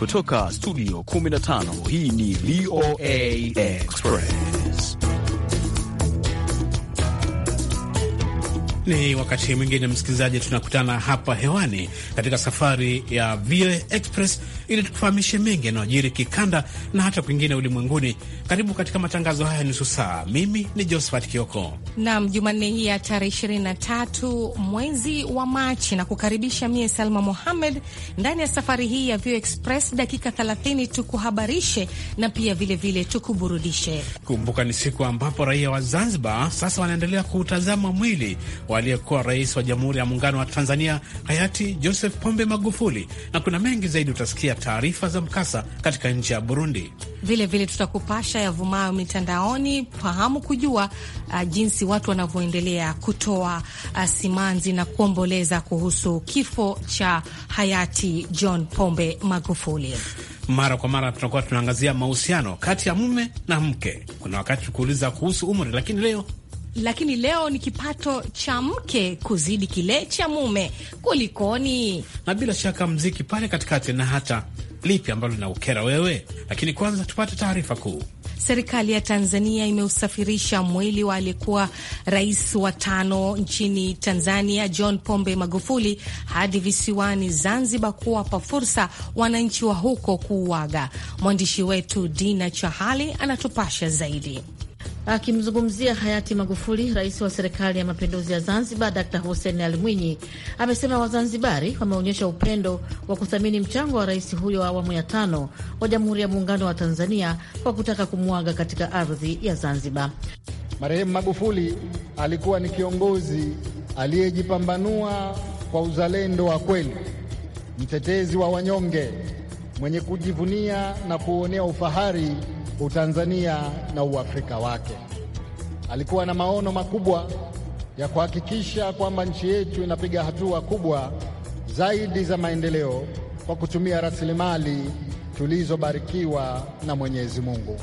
Kutoka studio 15 hii ni VOA Express. Ni wakati mwingine msikilizaji, tunakutana hapa hewani katika safari ya VOA Express ili tukufahamishe mengi yanayojiri kikanda na hata kwingine ulimwenguni. Karibu katika matangazo haya nusu saa. Mimi ni Josephat Kioko nam Jumanne hii ya tarehe 23 mwezi wa Machi na kukaribisha mie Salma Mohamed ndani ya safari hii ya Vio Express dakika 30 tukuhabarishe na pia vilevile tukuburudishe. Kumbuka ni siku ambapo raia wa Zanzibar sasa wanaendelea kuutazama mwili waliyekuwa rais wa Jamhuri ya Muungano wa Tanzania hayati Joseph Pombe Magufuli, na kuna mengi zaidi utasikia taarifa za mkasa katika nchi ya Burundi. Vilevile tutakupasha yavumayo mitandaoni, fahamu kujua uh, jinsi watu wanavyoendelea kutoa uh, simanzi na kuomboleza kuhusu kifo cha hayati John Pombe Magufuli. Mara kwa mara tunakuwa tunaangazia mahusiano kati ya mume na mke. Kuna wakati kuuliza kuhusu umri, lakini leo lakini leo ni kipato cha mke kuzidi kile cha mume, kulikoni? Na bila shaka mziki pale katikati na hata lipi ambalo linaukera wewe, lakini kwanza tupate taarifa kuu. Serikali ya Tanzania imeusafirisha mwili wa aliyekuwa rais wa tano nchini Tanzania, John Pombe Magufuli, hadi visiwani Zanzibar kuwapa fursa wananchi wa huko kuuaga. Mwandishi wetu Dina Chahali anatupasha zaidi. Akimzungumzia hayati Magufuli, rais wa serikali ya mapinduzi ya Zanzibar, Dkt Hussein Ali Mwinyi amesema Wazanzibari wameonyesha upendo wa kuthamini mchango wa rais huyo wa awamu ya tano wa Jamhuri ya Muungano wa Tanzania kwa kutaka kumwaga katika ardhi ya Zanzibar. Marehemu Magufuli alikuwa ni kiongozi aliyejipambanua kwa uzalendo wa kweli, mtetezi wa wanyonge, mwenye kujivunia na kuonea ufahari Utanzania na Uafrika wake. Alikuwa na maono makubwa ya kuhakikisha kwamba nchi yetu inapiga hatua kubwa zaidi za maendeleo kwa kutumia rasilimali tulizobarikiwa na Mwenyezi Mungu.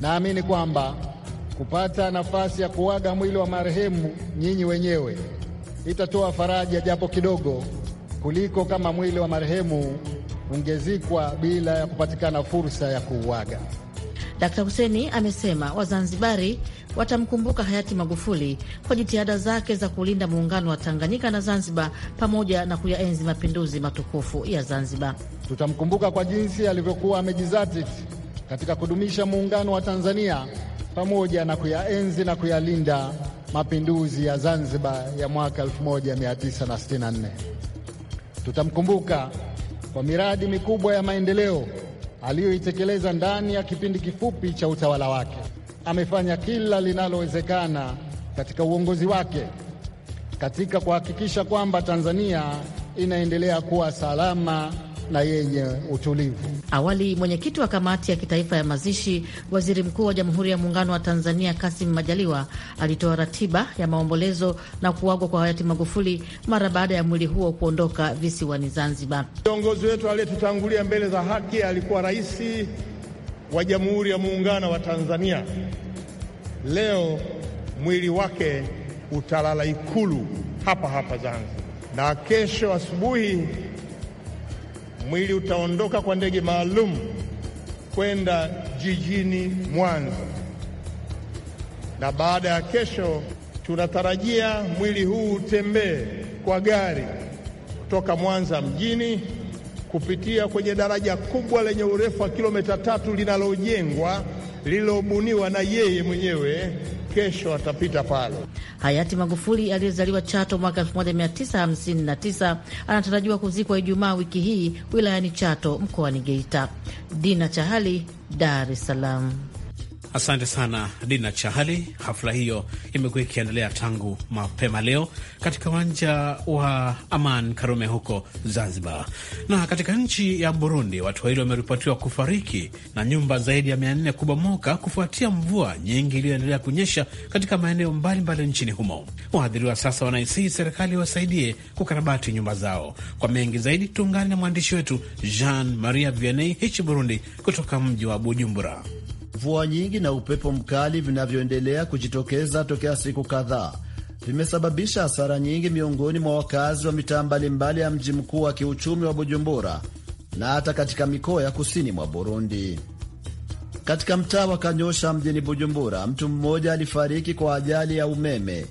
Naamini kwamba kupata nafasi ya kuaga mwili wa marehemu nyinyi wenyewe itatoa faraja japo kidogo kuliko kama mwili wa marehemu ungezikwa bila ya kupatikana fursa ya kuuaga. Dkt Huseni amesema Wazanzibari watamkumbuka hayati Magufuli kwa jitihada zake za kulinda muungano wa Tanganyika na Zanzibar pamoja na kuyaenzi mapinduzi matukufu ya Zanzibar. Tutamkumbuka kwa jinsi alivyokuwa amejizatiti katika kudumisha muungano wa Tanzania pamoja na kuyaenzi na kuyalinda mapinduzi ya Zanzibar ya mwaka 1964. Tutamkumbuka kwa miradi mikubwa ya maendeleo aliyoitekeleza ndani ya kipindi kifupi cha utawala wake. Amefanya kila linalowezekana katika uongozi wake katika kuhakikisha kwamba Tanzania inaendelea kuwa salama na yenye utulivu. Awali mwenyekiti wa kamati ya kitaifa ya mazishi, waziri mkuu wa Jamhuri ya Muungano wa Tanzania Kasim Majaliwa alitoa ratiba ya maombolezo na kuagwa kwa hayati Magufuli mara baada ya mwili huo kuondoka visiwani Zanzibar. Kiongozi wetu aliyetutangulia mbele za haki alikuwa rais wa Jamhuri ya Muungano wa Tanzania. Leo mwili wake utalala Ikulu hapa hapa Zanzibar, na kesho asubuhi mwili utaondoka kwa ndege maalum kwenda jijini Mwanza, na baada ya kesho tunatarajia mwili huu utembee kwa gari kutoka Mwanza mjini kupitia kwenye daraja kubwa lenye urefu wa kilomita tatu linalojengwa lililobuniwa na yeye mwenyewe kesho atapita pale. Hayati Magufuli aliyezaliwa Chato mwaka 1959 anatarajiwa kuzikwa Ijumaa wiki hii wilayani Chato mkoani Geita. Dina Chahali, Dar es Salaam. Asante sana Dina Chahali. Hafla hiyo imekuwa ikiendelea tangu mapema leo katika uwanja wa Aman Karume huko Zanzibar. Na katika nchi ya Burundi, watu wawili wameripotiwa kufariki na nyumba zaidi ya mia nne kubomoka kufuatia mvua nyingi iliyoendelea kunyesha katika maeneo mbalimbali nchini humo. Waadhiriwa sasa wanaisihi serikali wasaidie kukarabati nyumba zao. Kwa mengi zaidi, tuungane na mwandishi wetu Jean Maria Vianney Hichi Burundi kutoka mji wa Bujumbura. Mvua nyingi na upepo mkali vinavyoendelea kujitokeza tokea siku kadhaa vimesababisha hasara nyingi miongoni mwa wakazi wa mitaa mbalimbali ya mji mkuu wa kiuchumi wa Bujumbura na hata katika mikoa ya kusini mwa Burundi. Katika mtaa wa Kanyosha mjini Bujumbura, mtu mmoja alifariki kwa ajali ya umeme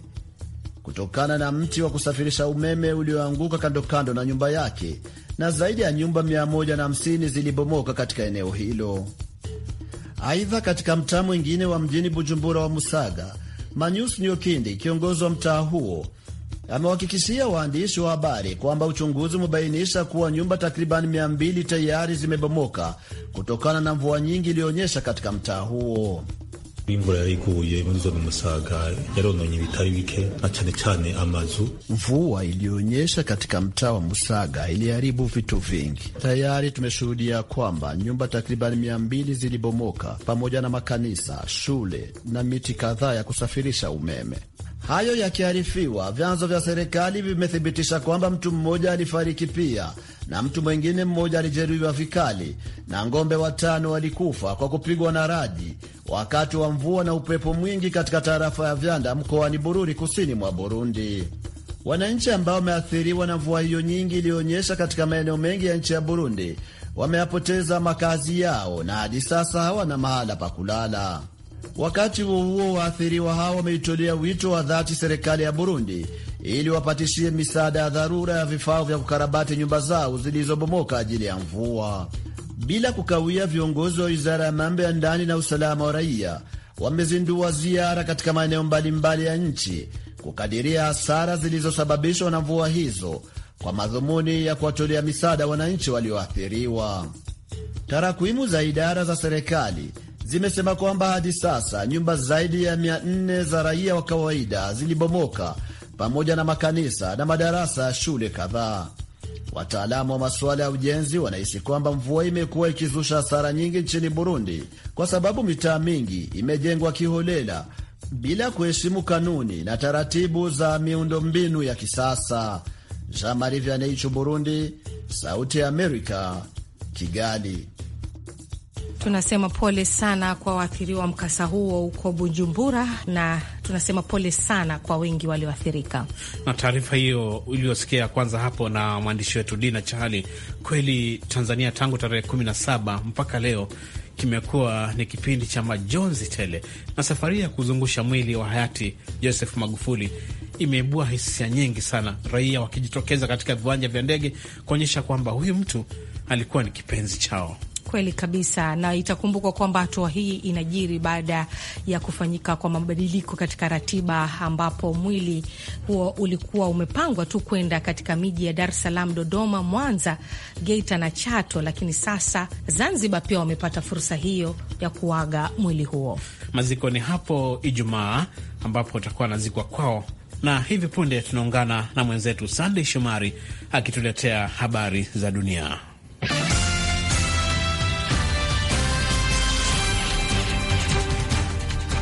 kutokana na mti wa kusafirisha umeme ulioanguka kando kando na nyumba yake, na zaidi ya nyumba 150 zilibomoka katika eneo hilo. Aidha, katika mtaa mwingine wa mjini Bujumbura wa Musaga, Manyus Nyokindi, kiongozi wa mtaa huo, amewahakikishia waandishi wa habari kwamba uchunguzi umebainisha kuwa nyumba takribani mia mbili tayari zimebomoka kutokana na mvua nyingi iliyonyesha katika mtaa huo imvura yariguye muri Musaga yarononye bitari bike na chane chane amazu. Mvua ilionyesha katika mtaa wa Musaga iliharibu vitu vingi. Tayari tumeshuhudia kwamba nyumba takribani mia mbili zilibomoka pamoja na makanisa, shule na miti kadhaa ya kusafirisha umeme. Hayo yakiharifiwa, vyanzo vya serikali vimethibitisha kwamba mtu mmoja alifariki pia na mtu mwingine mmoja alijeruhiwa vikali na ng'ombe watano walikufa kwa kupigwa na radi wakati wa mvua na upepo mwingi katika tarafa ya Vyanda mkoani Bururi kusini mwa Burundi. Wananchi ambao wameathiriwa na mvua hiyo nyingi iliyoonyesha katika maeneo mengi ya nchi ya Burundi wameyapoteza makazi yao na hadi sasa hawana mahala pa kulala. Wakati huo huo, waathiriwa hao wameitolea wito wa dhati serikali ya Burundi ili wapatishie misaada ya dharura ya vifaa vya kukarabati nyumba zao zilizobomoka ajili ya mvua. Bila kukawia, viongozi wa wizara ya mambo ya ndani na usalama wa raia wamezindua ziara katika maeneo mbalimbali ya nchi kukadiria hasara zilizosababishwa na mvua hizo kwa madhumuni ya kuwatolea misaada wananchi walioathiriwa. Tarakwimu za idara za serikali zimesema kwamba hadi sasa nyumba zaidi ya mia nne za raia wa kawaida zilibomoka pamoja na makanisa na madarasa ya shule kadhaa. Wataalamu wa masuala ya ujenzi wanahisi kwamba mvua imekuwa ikizusha hasara nyingi nchini Burundi kwa sababu mitaa mingi imejengwa kiholela bila kuheshimu kanuni na taratibu za miundombinu ya kisasa. Jean Marie Vianney, Burundi, Sauti ya Amerika, Kigali. Tunasema pole sana kwa waathiriwa mkasa huo huko Bujumbura, na tunasema pole sana kwa wengi walioathirika na taarifa hiyo iliyosikia kwanza hapo na mwandishi wetu Dina Chahali. Kweli Tanzania tangu tarehe 17 mpaka leo kimekuwa ni kipindi cha majonzi tele, na safari ya kuzungusha mwili wa hayati Joseph Magufuli imeibua hisia nyingi sana, raia wakijitokeza katika viwanja vya ndege kuonyesha kwamba huyu mtu alikuwa ni kipenzi chao kweli kabisa, na itakumbukwa kwamba hatua hii inajiri baada ya kufanyika kwa mabadiliko katika ratiba, ambapo mwili huo ulikuwa umepangwa tu kwenda katika miji ya Dar es Salaam, Dodoma, Mwanza, Geita na Chato, lakini sasa Zanzibar pia wamepata fursa hiyo ya kuaga mwili huo. Mazikoni hapo Ijumaa, ambapo utakuwa nazikwa kwao na hivi punde tunaungana na mwenzetu Sandey Shomari akituletea habari za dunia.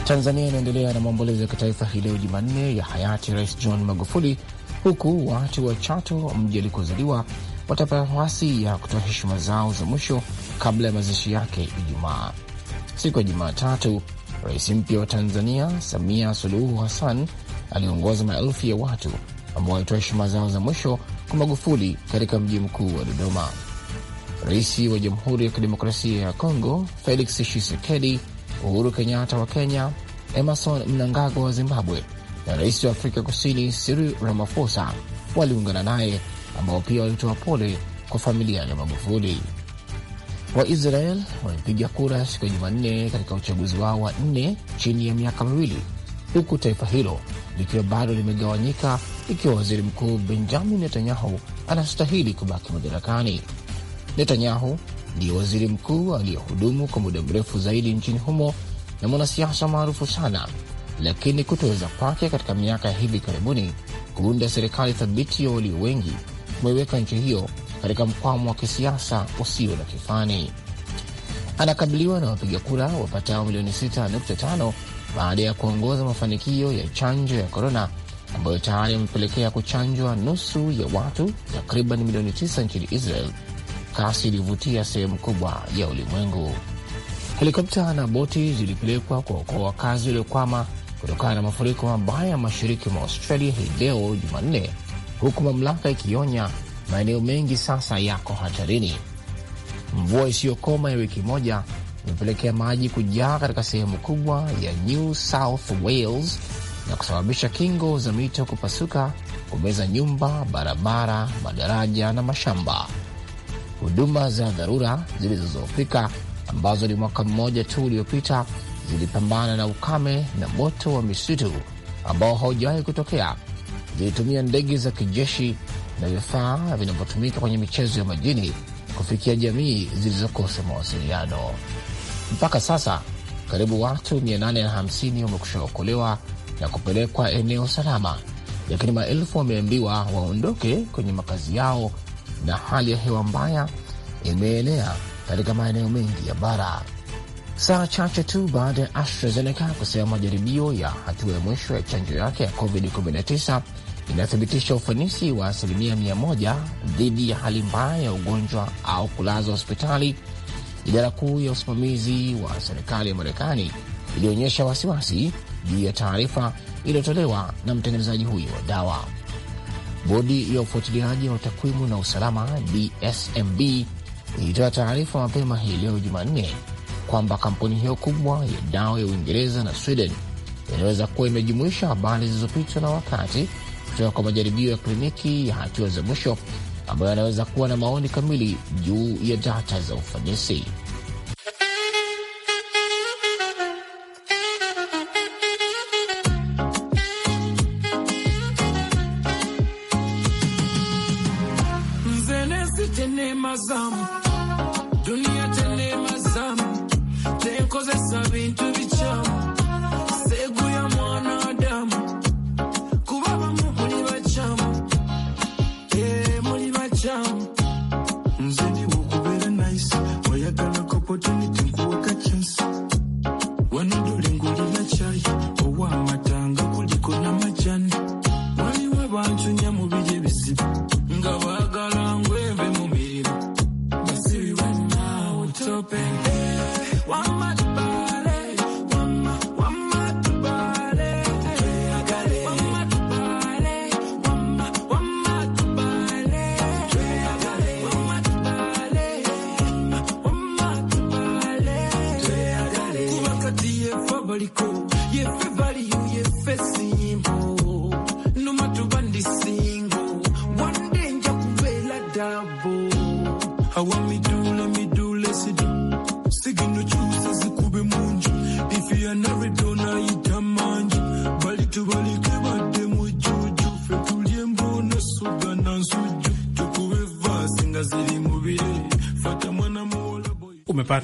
Tanzania inaendelea na maombolezo ya kitaifa hii leo Jumanne ya hayati Rais John Magufuli, huku watu wa Chato, mji alikozaliwa, watapata nafasi ya kutoa heshima zao za mwisho kabla ya mazishi yake Ijumaa. Siku ya Jumatatu, rais mpya wa Tanzania Samia Suluhu Hassan aliongoza maelfu ya watu ambao walitoa heshima zao za mwisho kwa Magufuli katika mji mkuu wa Dodoma. Rais wa Jamhuri ya Kidemokrasia ya Kongo Felix Tshisekedi, Uhuru Kenyatta wa Kenya Emerson Mnangagwa wa Zimbabwe na rais wa Afrika Kusini Cyril Ramaphosa waliungana naye, ambao pia walitoa pole kwa familia ya Magufuli. Waisrael wamepiga kura siku ya Jumanne katika uchaguzi wao wa nne chini ya miaka miwili, huku taifa hilo likiwa bado limegawanyika ikiwa waziri mkuu Benjamin Netanyahu anastahili kubaki madarakani. Netanyahu ndiye waziri mkuu aliyehudumu kwa muda mrefu zaidi nchini humo na mwanasiasa maarufu sana, lakini kutoweza kwake katika miaka ya hivi karibuni kuunda serikali thabiti ya walio wengi kumeiweka nchi hiyo katika mkwamo wa kisiasa usio na kifani. Anakabiliwa na wapiga kura wapatao milioni 6.5 baada ya kuongoza mafanikio ya chanjo ya korona ambayo tayari amepelekea kuchanjwa nusu ya watu takriban milioni 9 nchini Israel, kasi ilivutia sehemu kubwa ya ulimwengu. Helikopta na boti zilipelekwa kuokoa wakazi waliokwama kutokana na mafuriko mabaya mashariki mwa Australia hii leo Jumanne, huku mamlaka ikionya maeneo mengi sasa yako hatarini. Mvua isiyokoma ya wiki moja imepelekea maji kujaa katika sehemu kubwa ya New South Wales na kusababisha kingo za mito kupasuka, kumeza nyumba, barabara, madaraja na mashamba. Huduma za dharura zilizozofika ambazo ni mwaka mmoja tu uliopita zilipambana na ukame na moto wa misitu ambao haujawahi kutokea, zilitumia ndege za kijeshi na vifaa vinavyotumika kwenye michezo ya majini kufikia jamii zilizokosa mawasiliano. Mpaka sasa karibu watu 850 wamekusha okolewa na kupelekwa eneo salama, lakini maelfu wameambiwa waondoke kwenye makazi yao, na hali ya hewa mbaya imeenea katika maeneo mengi ya bara. Saa chache tu baada ya AstraZeneca kusema majaribio ya hatua ya mwisho ya chanjo yake ya COVID-19 inathibitisha ufanisi wa asilimia mia moja dhidi ya hali mbaya ya ugonjwa au kulazwa hospitali, idara kuu ya usimamizi wa serikali ya Marekani ilionyesha wasiwasi juu ya taarifa iliyotolewa na mtengenezaji huyo wa dawa. Bodi ya ufuatiliaji wa takwimu na usalama DSMB ilitoa taarifa mapema hii leo Jumanne kwamba kampuni hiyo kubwa ya dawa ya Uingereza na Sweden inaweza kuwa imejumuisha habari zilizopitwa na wakati kutoka kwa majaribio ya kliniki ya hatua za mwisho ambayo yanaweza kuwa na maoni kamili juu ya data za ufanisi.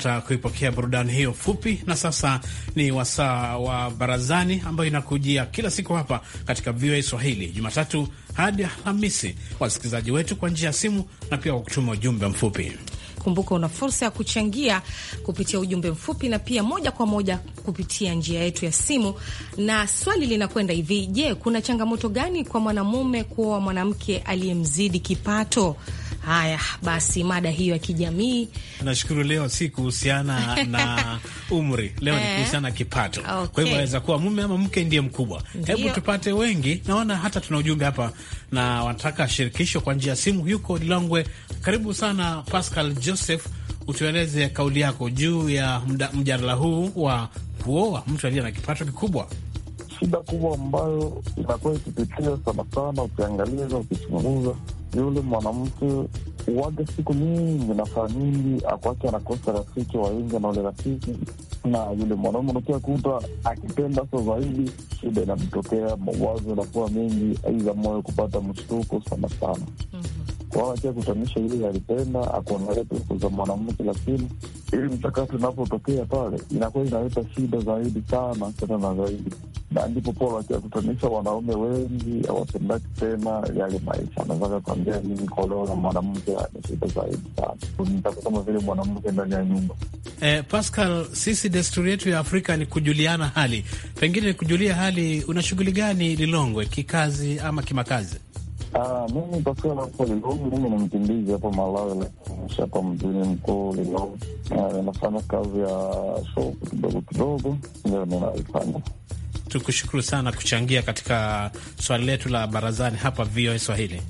kupata kuipokea burudani hiyo fupi. Na sasa ni wasaa wa barazani ambayo inakujia kila siku hapa katika VOA Swahili, Jumatatu hadi Alhamisi, wasikilizaji wetu kwa njia ya simu na pia kwa kutuma ujumbe mfupi. Kumbuka una fursa ya kuchangia kupitia ujumbe mfupi na pia moja kwa moja kupitia njia yetu ya simu. Na swali linakwenda hivi: Je, kuna changamoto gani kwa mwanamume kuoa mwanamke aliyemzidi kipato? Haya basi, mada hiyo ya kijamii nashukuru. Leo si kuhusiana na umri, leo ni eh. kuhusiana na kipato. Okay. Kwa hivyo aweza kuwa mume ama mke ndiye mkubwa. Hebu tupate wengi, naona hata tuna ujumbe hapa na wanataka shirikisho kwa njia ya simu. Yuko Lilongwe, karibu sana Pascal Joseph, utueleze kauli yako juu ya mjadala huu wa kuoa mtu aliye na kipato kikubwa shida kubwa ambayo inakuwa ikipitia sana sana, ukiangaliza, ukichunguza, yule mwanamke uwaga siku nyingi na saa nyingi akwake anakosa rafiki wa ingi na ule rafiki na yule mwanaume unakia kuta akipenda sa zaidi, shida inamtokea, mawazo nakuwa mengi, aidha moyo kupata mshtuko sana sana. mm -hmm wala pia kutanisha ile yalipenda akuangalia tupu za mwanamke, lakini ili mchakato unapotokea pale inakuwa inaleta shida zaidi sana tena na zaidi, na ndipo pola kutanisha wanaume wengi awapendaki tena yale maisha. Anataka kuambia nini? Koleo na mwanamke ana shida zaidi sana, nitakuwa kama vile mwanamke ndani ya nyumba. Eh, Pascal, sisi desturi yetu ya Afrika ni kujuliana hali, pengine ni kujulia hali. Una shughuli gani Lilongwe, kikazi ama kimakazi? Ah, mimi mimi ni mkimbizi Malawi, hapa mjini mkuu Lilogo nafanya kazi ya kidogo kidogo, ndio ninaifanya. Tukushukuru sana kuchangia katika swali letu la barazani hapa VOA Swahili.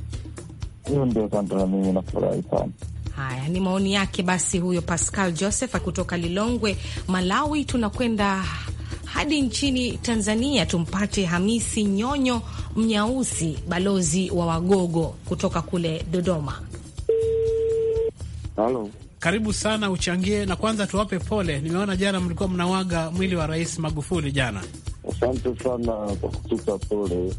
Hiyo ndio kanta, na mimi nafurahi sana. Haya ni maoni yake basi, huyo Pascal Joseph kutoka Lilongwe, Malawi. Tunakwenda hadi nchini Tanzania tumpate Hamisi Nyonyo Mnyausi, balozi wa Wagogo kutoka kule Dodoma. Halo. Karibu sana uchangie, na kwanza tuwape pole. Nimeona jana mlikuwa mnawaga mwili wa Rais Magufuli jana. Asante sana kwa kutupa pole.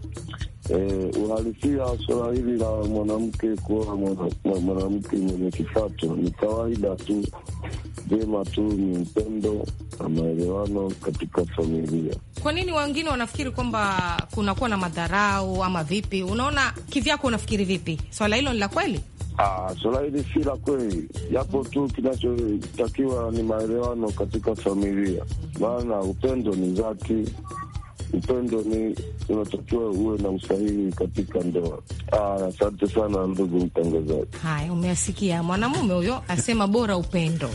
Eh, uhalisia suala hili la mwanamke kuoa mwanamke mwenye kipato ni kawaida tu vyema tu ni upendo na maelewano katika familia. Kwa nini wengine wanafikiri kwamba kunakuwa na madharau ama vipi? Unaona kivyako, unafikiri vipi? Swala hilo ni la kweli? Ah, swala hili si la kweli, japo tu kinachotakiwa ni maelewano katika familia, maana upendo ni dhati upendo ni unatakiwa uwe na usahihi katika ndoa. Ah, asante sana ndugu mtangazaji. Haya, umeasikia mwanamume huyo asema bora upendo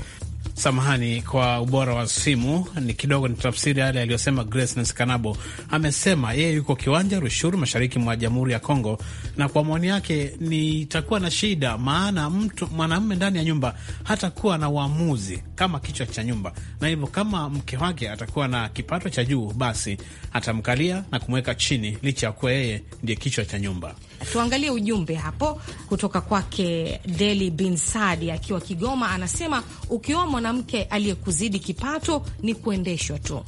Samahani kwa ubora wa simu, ni kidogo ni tafsiri yale aliyosema Grace Nskanabo. Amesema yeye yuko kiwanja Rushuru, mashariki mwa Jamhuri ya Kongo, na kwa maoni yake nitakuwa na shida, maana mtu mwanamume ndani ya nyumba hatakuwa na uamuzi kama kichwa cha nyumba, na hivyo kama mke wake atakuwa na kipato cha juu, basi atamkalia na kumweka chini, licha ya kuwa yeye ndiye kichwa cha nyumba. Tuangalie ujumbe hapo kutoka kwake Deli Bin Sadi akiwa Kigoma, anasema ukiwa mwanamke aliyekuzidi kipato ni kuendeshwa tu.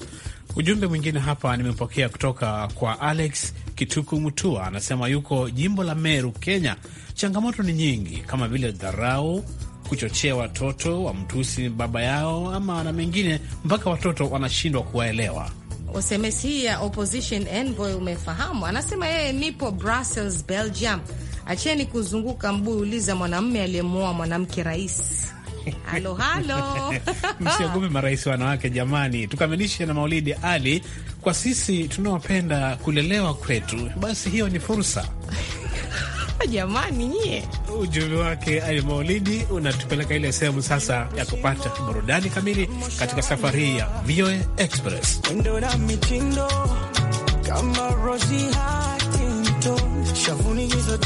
Ujumbe mwingine hapa nimepokea kutoka kwa Alex Kituku Mutua, anasema yuko jimbo la Meru, Kenya. Changamoto ni nyingi kama vile dharau kuchochea watoto wamtusi baba yao ama na mengine mpaka watoto wanashindwa kuwaelewa. Usemesi hii ya opposition envoy umefahamu, anasema yeye nipo Brussels, Belgium. Acheni kuzunguka mbuyu, uliza mwanamme aliyemwoa mwanamke rais. Halo, halo. Msiogope marais wanawake, jamani, tukamilishe na Maulidi Ali. Kwa sisi tunaopenda kulelewa kwetu, basi hiyo ni fursa jamani nyie. Ujumbe wake Ali unatupeleka ile sehemu sasa ya kupata burudani kamili katika safari hii ya VOA Express. na mitindo kama shavuni hizo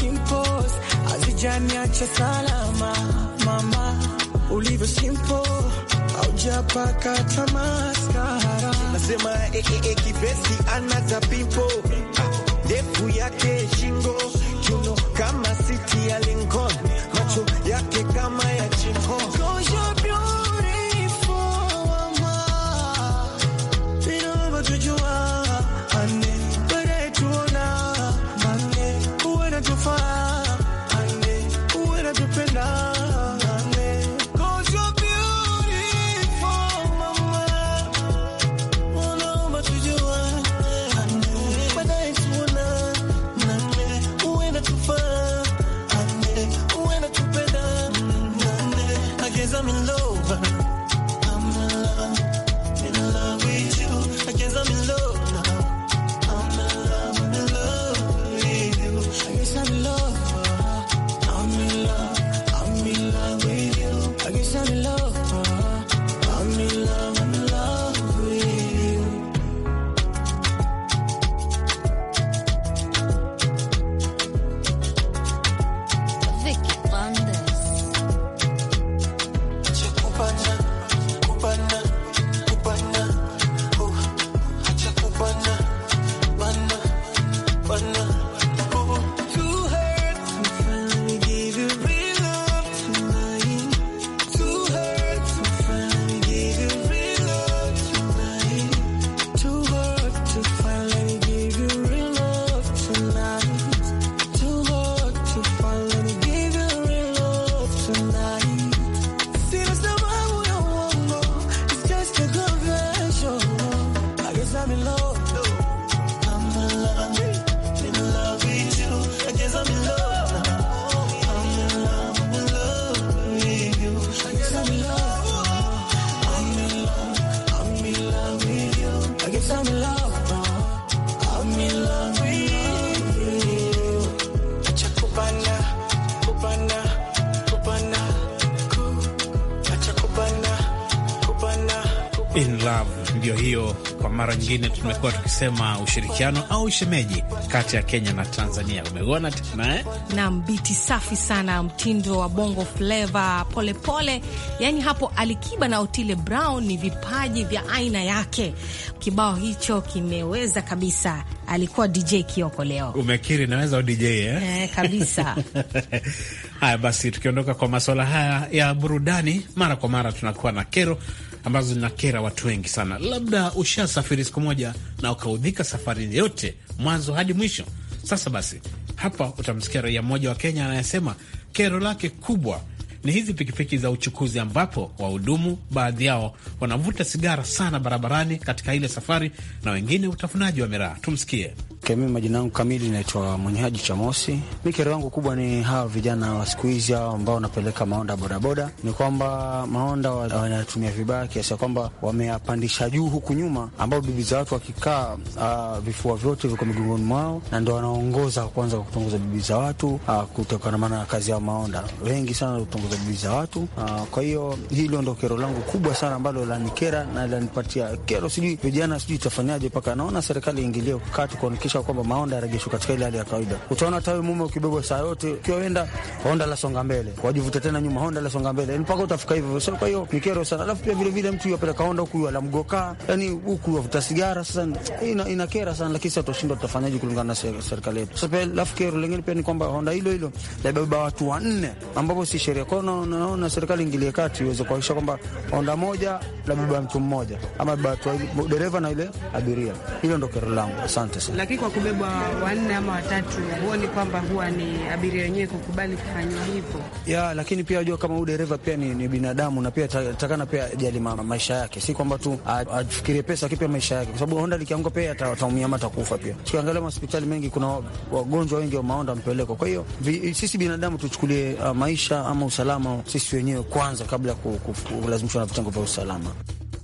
salama, mama ulivyo tamaskara, nasema eh, eh, eh, anata ah, ndefu yake shingo kama city ya Lincoln, macho yake kama ya chino in love ndio hiyo. Kwa mara nyingine tumekuwa tukisema ushirikiano au shemeji kati ya Kenya na Tanzania. Umeona tena eh? na safi sana, mtindo wa bongo fleva polepole. Yani hapo Alikiba na Otile Brown ni vipaji vya aina yake. Kibao hicho kimeweza kabisa. Alikuwa DJ Kioko leo, umekiri naweza DJ eh? Eh, kabisa Haya basi, tukiondoka kwa masuala haya ya burudani, mara kwa mara tunakuwa na kero ambazo zinakera watu wengi sana. Labda ushasafiri siku moja na ukaudhika safari yote mwanzo hadi mwisho. Sasa basi, hapa utamsikia raia mmoja wa Kenya anayesema kero lake kubwa ni hizi pikipiki za uchukuzi ambapo wahudumu baadhi yao wanavuta sigara sana barabarani katika ile safari na wengine utafunaji wa miraa. Tumsikie. Mimi majina yangu kamili naitwa Mwenyehaji Chamosi. Mi kero yangu kubwa ni hawa vijana wa siku hizi hao ambao wanapeleka maonda bodaboda, ni kwamba maonda wanatumia vibaya kiasi ya kwamba wameyapandisha juu huku nyuma, ambao bibi za watu wakikaa, uh, vifua vyote viko migongoni mwao na ndo wanaongoza kwanza kwa kutongoza bibi za watu uh, kutokana na kazi ya maonda, wengi sana kutongoza bibi za watu uh, kwa hiyo hilo ndo kero langu kubwa sana ambalo lanikera na lanipatia kero, sijui vijana, sijui itafanyaje mpaka naona serikali iingilie kati kuonekisha kuhakikisha kwamba maonda yarejeshwe katika ile hali ya kawaida. Utaona tawe mume ukibebwa saa yote, ukiwaenda, wenda honda la songa mbele, wajivuta tena nyuma, honda la songa mbele, yaani mpaka utafika hivyo. So kwa hiyo ni kero sana, alafu pia vilevile mtu yapeleka honda huku ala mgokaa, yani huku wavuta sigara. Sasa ina, ina kera sana, lakini sasa tutashindwa, tutafanyaje kulingana na serikali yetu? Sasa pia alafu kero lingine pia ni kwamba honda hilo hilo labeba watu wanne, ambapo si sheria kwao. Naona serikali ingilie kati iweze kuhakikisha kwamba honda moja labeba mtu mmoja, ama dereva na ile abiria. Hilo ndo kero langu, asante sana kama kubebwa wanne ama watatu, huoni kwamba huwa ni abiria wenyewe kukubali kufanywa hivyo? Ya, lakini pia ajua kama huyu dereva pia ni, ni binadamu na pia takana pia ajali ma, maisha yake, si kwamba tu afikirie pesa, lakini pia maisha yake, kwa sababu honda likianguka pia ataumia ama atakufa pia. Tukiangalia mahospitali mengi kuna wagonjwa wengi wa maonda wamepelekwa. Kwa hiyo sisi binadamu tuchukulie uh, maisha ama usalama sisi wenyewe kwanza kabla ya kulazimishwa na vitengo vya usalama.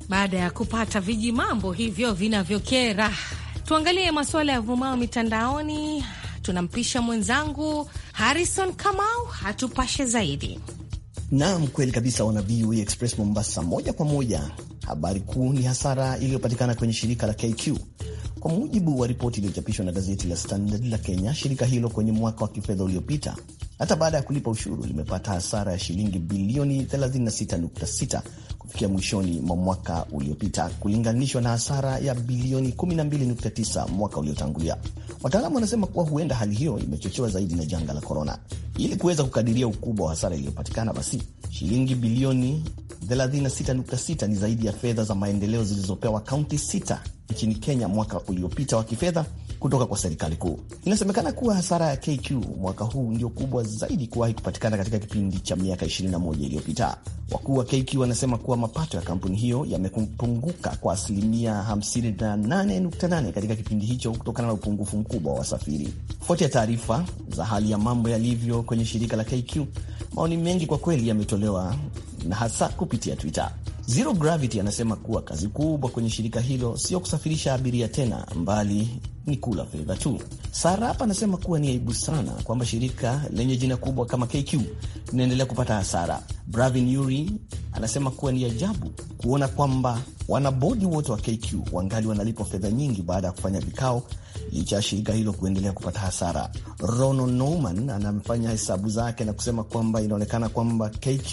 Baada ya kupata vijimambo hivyo vinavyokera Tuangalie masuala ya vumao mitandaoni. Tunampisha mwenzangu Harrison Kamau hatupashe zaidi. Naam, kweli kabisa, wana VOA Express Mombasa, moja kwa moja. Habari kuu ni hasara iliyopatikana kwenye shirika la KQ. Kwa mujibu wa ripoti iliyochapishwa na gazeti la Standard la Kenya, shirika hilo kwenye mwaka wa kifedha uliopita, hata baada ya kulipa ushuru, limepata hasara ya shilingi bilioni 36.6 kufikia mwishoni mwa mwaka uliopita kulinganishwa na hasara ya bilioni 12.9 mwaka uliotangulia. Wataalamu wanasema kuwa huenda hali hiyo imechochewa zaidi na janga la korona. Ili kuweza kukadiria ukubwa wa hasara iliyopatikana, basi shilingi bilioni 36.6 ni zaidi ya fedha za maendeleo zilizopewa kaunti sita nchini Kenya mwaka uliopita wa kifedha kutoka kwa serikali kuu. Inasemekana kuwa hasara ya KQ mwaka huu ndio kubwa zaidi kuwahi kupatikana katika kipindi cha miaka 21 iliyopita. Wakuu wa KQ wanasema kuwa mapato ya kampuni hiyo yamepunguka kwa asilimia 58.8 katika kipindi hicho kutokana na upungufu mkubwa wa wasafiri. Kufuatia taarifa za hali ya mambo yalivyo kwenye shirika la KQ, maoni mengi kwa kweli yametolewa na hasa kupitia Twitter. Zero Gravity anasema kuwa kazi kubwa kwenye shirika hilo sio kusafirisha abiria tena, mbali ni kula fedha tu. Sarap anasema kuwa ni aibu sana kwamba shirika lenye jina kubwa kama KQ linaendelea kupata hasara. Bravin Yuri anasema kuwa ni ajabu kuona kwamba wanabodi wote wa KQ wangali wanalipwa fedha nyingi baada ya kufanya vikao licha ya shirika hilo kuendelea kupata hasara. Rono Nouman anafanya hesabu zake na kusema kwamba inaonekana kwamba KQ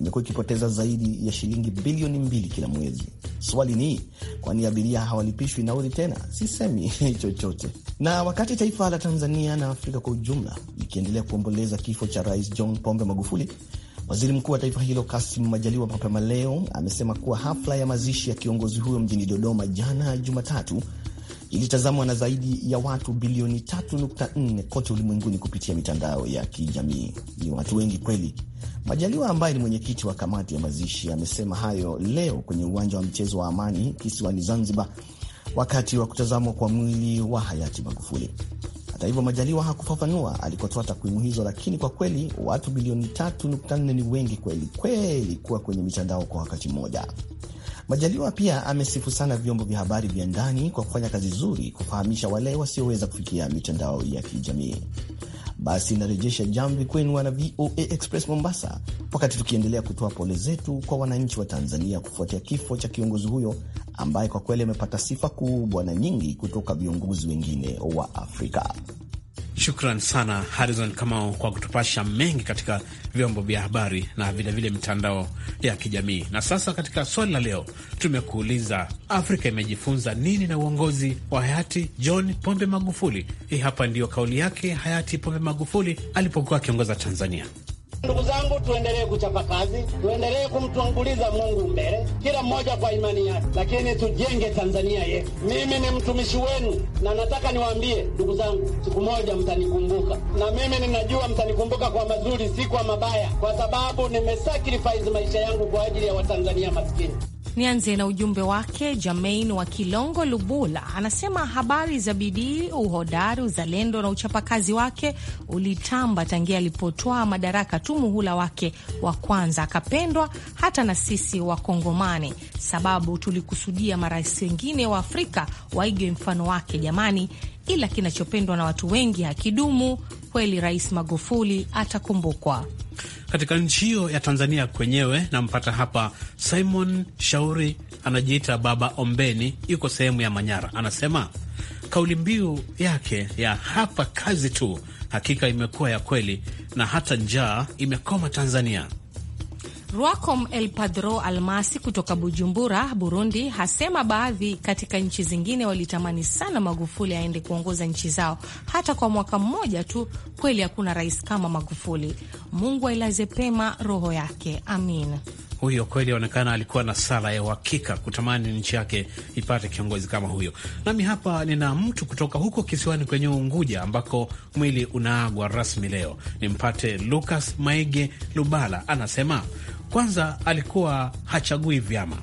imekuwa ikipoteza zaidi ya shilingi bilioni mbili kila mwezi. Swali ni kwani abiria hawalipishwi nauli tena? Sisemi chochote. Na wakati taifa la Tanzania na Afrika kwa ujumla likiendelea kuomboleza kifo cha Rais John Pombe Magufuli, waziri mkuu wa taifa hilo Kasim Majaliwa mapema leo amesema kuwa hafla ya mazishi ya kiongozi huyo mjini Dodoma jana Jumatatu ilitazamwa na zaidi ya watu bilioni 3.4 kote ulimwenguni kupitia mitandao ya kijamii. Ni watu wengi kweli. Majaliwa ambaye ni mwenyekiti wa kamati ya mazishi amesema hayo leo kwenye uwanja wa mchezo wa Amani kisiwani Zanzibar, wakati wa kutazamwa kwa mwili wa hayati Magufuli. Hata hivyo, Majaliwa hakufafanua alikotoa takwimu hizo, lakini kwa kweli watu bilioni 3.4 ni wengi kweli kweli kuwa kwenye mitandao kwa wakati mmoja. Majaliwa pia amesifu sana vyombo vya habari vya ndani kwa kufanya kazi zuri kufahamisha wale wasioweza kufikia mitandao ya kijamii. Basi narejesha jamvi kwenu wana VOA Express Mombasa, wakati tukiendelea kutoa pole zetu kwa wananchi wa Tanzania kufuatia kifo cha kiongozi huyo ambaye kwa kweli amepata sifa kubwa na nyingi kutoka viongozi wengine wa Afrika. Shukran sana Harizon Kamau kwa kutupasha mengi katika vyombo vya habari na vilevile mitandao ya kijamii. Na sasa katika swali la leo tumekuuliza, Afrika imejifunza nini na uongozi wa hayati John Pombe Magufuli? Hii hapa ndiyo kauli yake hayati Pombe Magufuli alipokuwa akiongoza Tanzania. Ndugu zangu, tuendelee kuchapa kazi, tuendelee kumtanguliza Mungu mbele, kila mmoja kwa imani yake, lakini tujenge Tanzania yetu. Mimi ni mtumishi wenu na nataka niwaambie ndugu zangu, siku moja mtanikumbuka, na mimi ninajua mtanikumbuka kwa mazuri, si kwa mabaya, kwa sababu nimesacrifice maisha yangu kwa ajili ya Watanzania maskini. Nianze na ujumbe wake Jamain wa Kilongo Lubula, anasema habari za bidii, uhodari, uzalendo na uchapakazi wake ulitamba tangia alipotwaa madaraka tu muhula wake wa kwanza, akapendwa hata na sisi Wakongomani, sababu tulikusudia marais wengine wa Afrika waige mfano wake. Jamani, ila kinachopendwa na watu wengi hakidumu kweli Rais Magufuli atakumbukwa katika nchi hiyo ya Tanzania kwenyewe. Nampata hapa Simon Shauri, anajiita Baba Ombeni, yuko sehemu ya Manyara. Anasema kauli mbiu yake ya hapa kazi tu hakika imekuwa ya kweli na hata njaa imekoma Tanzania ruacom El Padro Almasi kutoka Bujumbura, Burundi, hasema baadhi katika nchi zingine walitamani sana Magufuli aende kuongoza nchi zao hata kwa mwaka mmoja tu. Kweli hakuna rais kama Magufuli. Mungu ailaze pema roho yake, amin. Huyo kweli aonekana alikuwa na sala ya uhakika kutamani nchi yake ipate kiongozi kama huyo. Nami hapa nina mtu kutoka huko kisiwani kwenye Unguja ambako mwili unaagwa rasmi leo, nimpate Lucas Maige Lubala, anasema kwanza alikuwa hachagui vyama.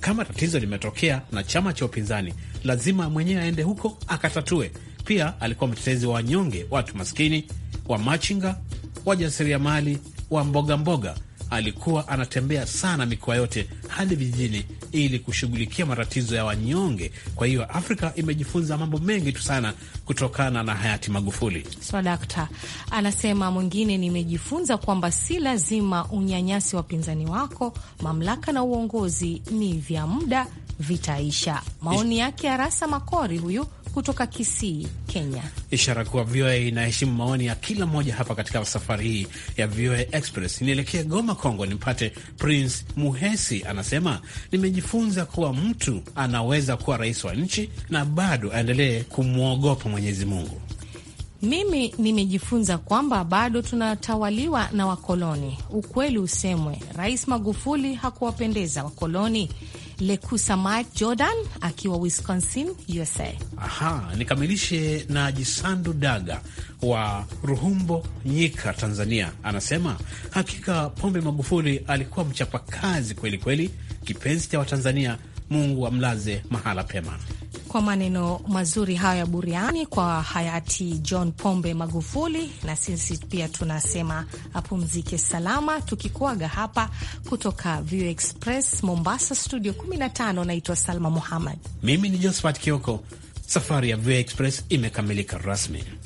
Kama tatizo limetokea na chama cha upinzani, lazima mwenyewe aende huko akatatue. Pia alikuwa mtetezi wa wanyonge, watu maskini, wa machinga, wajasiriamali, wa mbogamboga mboga alikuwa anatembea sana mikoa yote hadi vijijini ili kushughulikia matatizo ya wanyonge. Kwa hiyo Afrika imejifunza mambo mengi tu sana kutokana na hayati Magufuli. Swadakta so, anasema mwingine, nimejifunza kwamba si lazima unyanyasi wapinzani wako. Mamlaka na uongozi ni vya muda, vitaisha. Maoni yake Rasa Makori huyu kutoka Kisii, Kenya. Ishara kuwa VOA inaheshimu maoni ya kila mmoja hapa katika safari hii ya VOA Express. Nielekee Goma, Kongo, nimpate Prince Muhesi. Anasema, nimejifunza kuwa mtu anaweza kuwa rais wa nchi na bado aendelee kumwogopa Mwenyezi Mungu. Mimi nimejifunza kwamba bado tunatawaliwa na wakoloni. Ukweli usemwe, Rais Magufuli hakuwapendeza wakoloni. Lekusamat Jordan akiwa Wisconsin, USA. Aha, nikamilishe na Jisandu Daga wa Ruhumbo Nyika, Tanzania, anasema hakika Pombe Magufuli alikuwa mchapakazi kwelikweli, kipenzi cha Watanzania. Mungu amlaze mahala pema kwa maneno mazuri hayo ya buriani kwa hayati John Pombe Magufuli, na sisi pia tunasema apumzike salama, tukikuaga hapa kutoka View Express Mombasa studio 15. Naitwa Salma Muhammad, mimi ni Josephat Kioko. Safari ya View Express imekamilika rasmi.